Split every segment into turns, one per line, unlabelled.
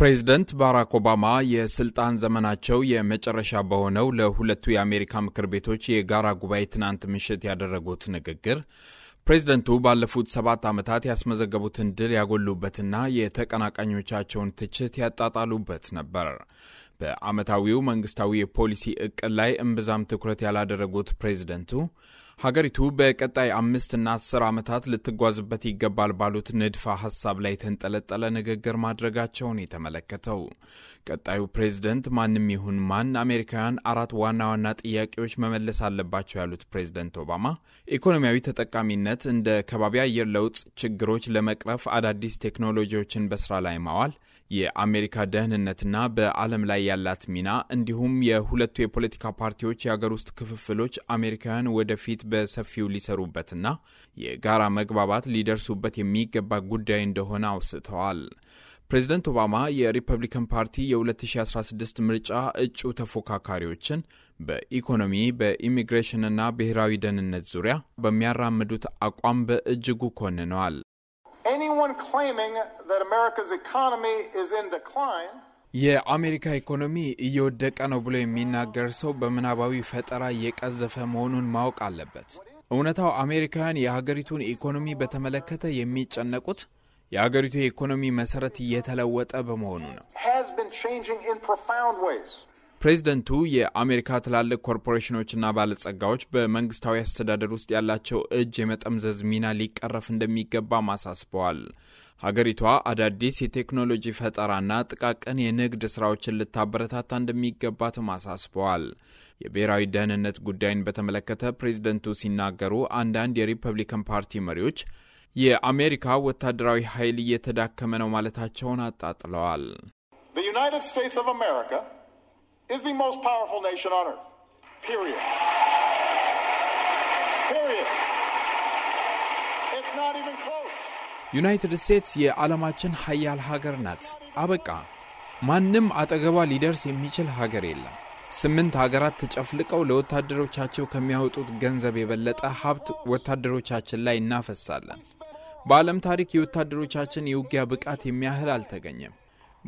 ፕሬዝደንት ባራክ ኦባማ የስልጣን ዘመናቸው የመጨረሻ በሆነው ለሁለቱ የአሜሪካ ምክር ቤቶች የጋራ ጉባኤ ትናንት ምሽት ያደረጉት ንግግር ፕሬዝደንቱ ባለፉት ሰባት ዓመታት ያስመዘገቡትን ድል ያጎሉበትና የተቀናቃኞቻቸውን ትችት ያጣጣሉበት ነበር። በዓመታዊው መንግስታዊ የፖሊሲ እቅድ ላይ እምብዛም ትኩረት ያላደረጉት ፕሬዝደንቱ ሀገሪቱ በቀጣይ አምስትና አስር ዓመታት ልትጓዝበት ይገባል ባሉት ንድፈ ሀሳብ ላይ የተንጠለጠለ ንግግር ማድረጋቸውን የተመለከተው ቀጣዩ ፕሬዝደንት ማንም ይሁን ማን አሜሪካውያን አራት ዋና ዋና ጥያቄዎች መመለስ አለባቸው ያሉት ፕሬዝደንት ኦባማ ኢኮኖሚያዊ ተጠቃሚነት፣ እንደ ከባቢ አየር ለውጥ ችግሮች ለመቅረፍ አዳዲስ ቴክኖሎጂዎችን በስራ ላይ ማዋል፣ የአሜሪካ ደህንነትና በዓለም ላይ ያላት ሚና እንዲሁም የሁለቱ የፖለቲካ ፓርቲዎች የአገር ውስጥ ክፍፍሎች አሜሪካውያን ወደፊት በሰፊው ሊሰሩበትና የጋራ መግባባት ሊደርሱበት የሚገባ ጉዳይ እንደሆነ አውስተዋል። ፕሬዚደንት ኦባማ የሪፐብሊካን ፓርቲ የ2016 ምርጫ እጩ ተፎካካሪዎችን በኢኮኖሚ በኢሚግሬሽንና ብሔራዊ ደህንነት ዙሪያ በሚያራምዱት አቋም በእጅጉ ኮንነዋል። የአሜሪካ ኢኮኖሚ እየወደቀ ነው ብሎ የሚናገር ሰው በምናባዊ ፈጠራ እየቀዘፈ መሆኑን ማወቅ አለበት። እውነታው አሜሪካውያን የሀገሪቱን ኢኮኖሚ በተመለከተ የሚጨነቁት የሀገሪቱ የኢኮኖሚ መሰረት እየተለወጠ በመሆኑ ነው። ፕሬዚደንቱ የአሜሪካ ትላልቅ ኮርፖሬሽኖችና ባለጸጋዎች በመንግስታዊ አስተዳደር ውስጥ ያላቸው እጅ የመጠምዘዝ ሚና ሊቀረፍ እንደሚገባም አሳስበዋል። ሀገሪቷ አዳዲስ የቴክኖሎጂ ፈጠራና ጥቃቅን የንግድ ስራዎችን ልታበረታታ እንደሚገባትም አሳስበዋል። የብሔራዊ ደህንነት ጉዳይን በተመለከተ ፕሬዚደንቱ ሲናገሩ አንዳንድ የሪፐብሊካን ፓርቲ መሪዎች የአሜሪካ ወታደራዊ ኃይል እየተዳከመ ነው ማለታቸውን አጣጥለዋል። is the most powerful nation on earth. Period. Period. It's not even close. ዩናይትድ ስቴትስ የዓለማችን ሀያል ሀገር ናት። አበቃ። ማንም አጠገቧ ሊደርስ የሚችል ሀገር የለም። ስምንት ሀገራት ተጨፍልቀው ለወታደሮቻቸው ከሚያወጡት ገንዘብ የበለጠ ሀብት ወታደሮቻችን ላይ እናፈሳለን። በዓለም ታሪክ የወታደሮቻችን የውጊያ ብቃት የሚያህል አልተገኘም።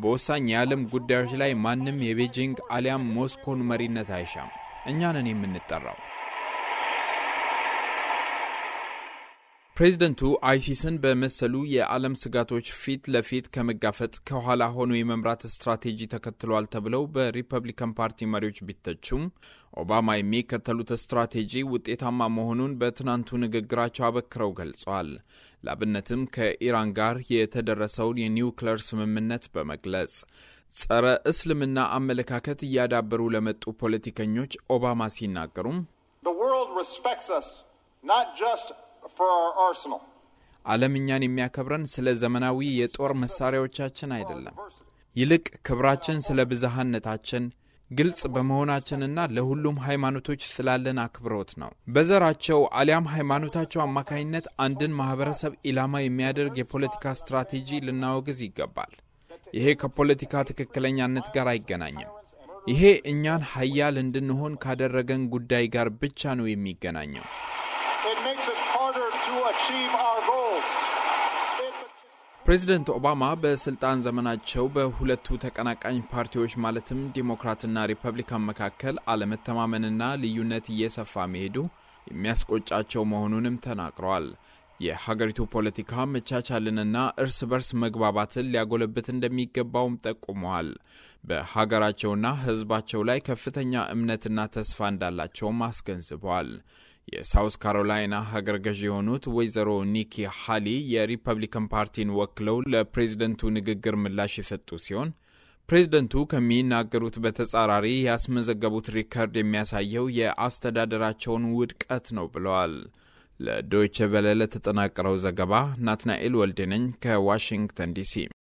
በወሳኝ የዓለም ጉዳዮች ላይ ማንም የቤጂንግ አሊያም ሞስኮን መሪነት አይሻም። እኛንን የምንጠራው ፕሬዚደንቱ አይሲስን በመሰሉ የዓለም ስጋቶች ፊት ለፊት ከመጋፈጥ ከኋላ ሆኖ የመምራት ስትራቴጂ ተከትሏል ተብለው በሪፐብሊካን ፓርቲ መሪዎች ቢተቹም ኦባማ የሚከተሉት ስትራቴጂ ውጤታማ መሆኑን በትናንቱ ንግግራቸው አበክረው ገልጸዋል። ላብነትም ከኢራን ጋር የተደረሰውን የኒውክለር ስምምነት በመግለጽ ጸረ እስልምና አመለካከት እያዳበሩ ለመጡ ፖለቲከኞች ኦባማ ሲናገሩም ዓለም እኛን የሚያከብረን ስለ ዘመናዊ የጦር መሣሪያዎቻችን አይደለም፣ ይልቅ ክብራችን ስለ ብዝሃነታችን ግልጽ በመሆናችንና ለሁሉም ሃይማኖቶች ስላለን አክብሮት ነው። በዘራቸው አሊያም ሃይማኖታቸው አማካኝነት አንድን ማኅበረሰብ ኢላማ የሚያደርግ የፖለቲካ ስትራቴጂ ልናወግዝ ይገባል። ይሄ ከፖለቲካ ትክክለኛነት ጋር አይገናኝም። ይሄ እኛን ሀያል እንድንሆን ካደረገን ጉዳይ ጋር ብቻ ነው የሚገናኘው። ፕሬዚደንት ኦባማ በስልጣን ዘመናቸው በሁለቱ ተቀናቃኝ ፓርቲዎች ማለትም ዲሞክራትና ሪፐብሊካን መካከል አለመተማመንና ልዩነት እየሰፋ መሄዱ የሚያስቆጫቸው መሆኑንም ተናግረዋል። የሀገሪቱ ፖለቲካ መቻቻልንና እርስ በርስ መግባባትን ሊያጎለብት እንደሚገባውም ጠቁመዋል። በሀገራቸውና ሕዝባቸው ላይ ከፍተኛ እምነትና ተስፋ እንዳላቸውም አስገንዝበዋል። የሳውስ ካሮላይና ሀገር ገዥ የሆኑት ወይዘሮ ኒኪ ሃሊ የሪፐብሊካን ፓርቲን ወክለው ለፕሬዝደንቱ ንግግር ምላሽ የሰጡ ሲሆን ፕሬዝደንቱ ከሚናገሩት በተጻራሪ ያስመዘገቡት ሪከርድ የሚያሳየው የአስተዳደራቸውን ውድቀት ነው ብለዋል። ለዶይቸ ቬለ ለተጠናቀረው ዘገባ ናትናኤል ወልዴነኝ ከዋሽንግተን ዲሲ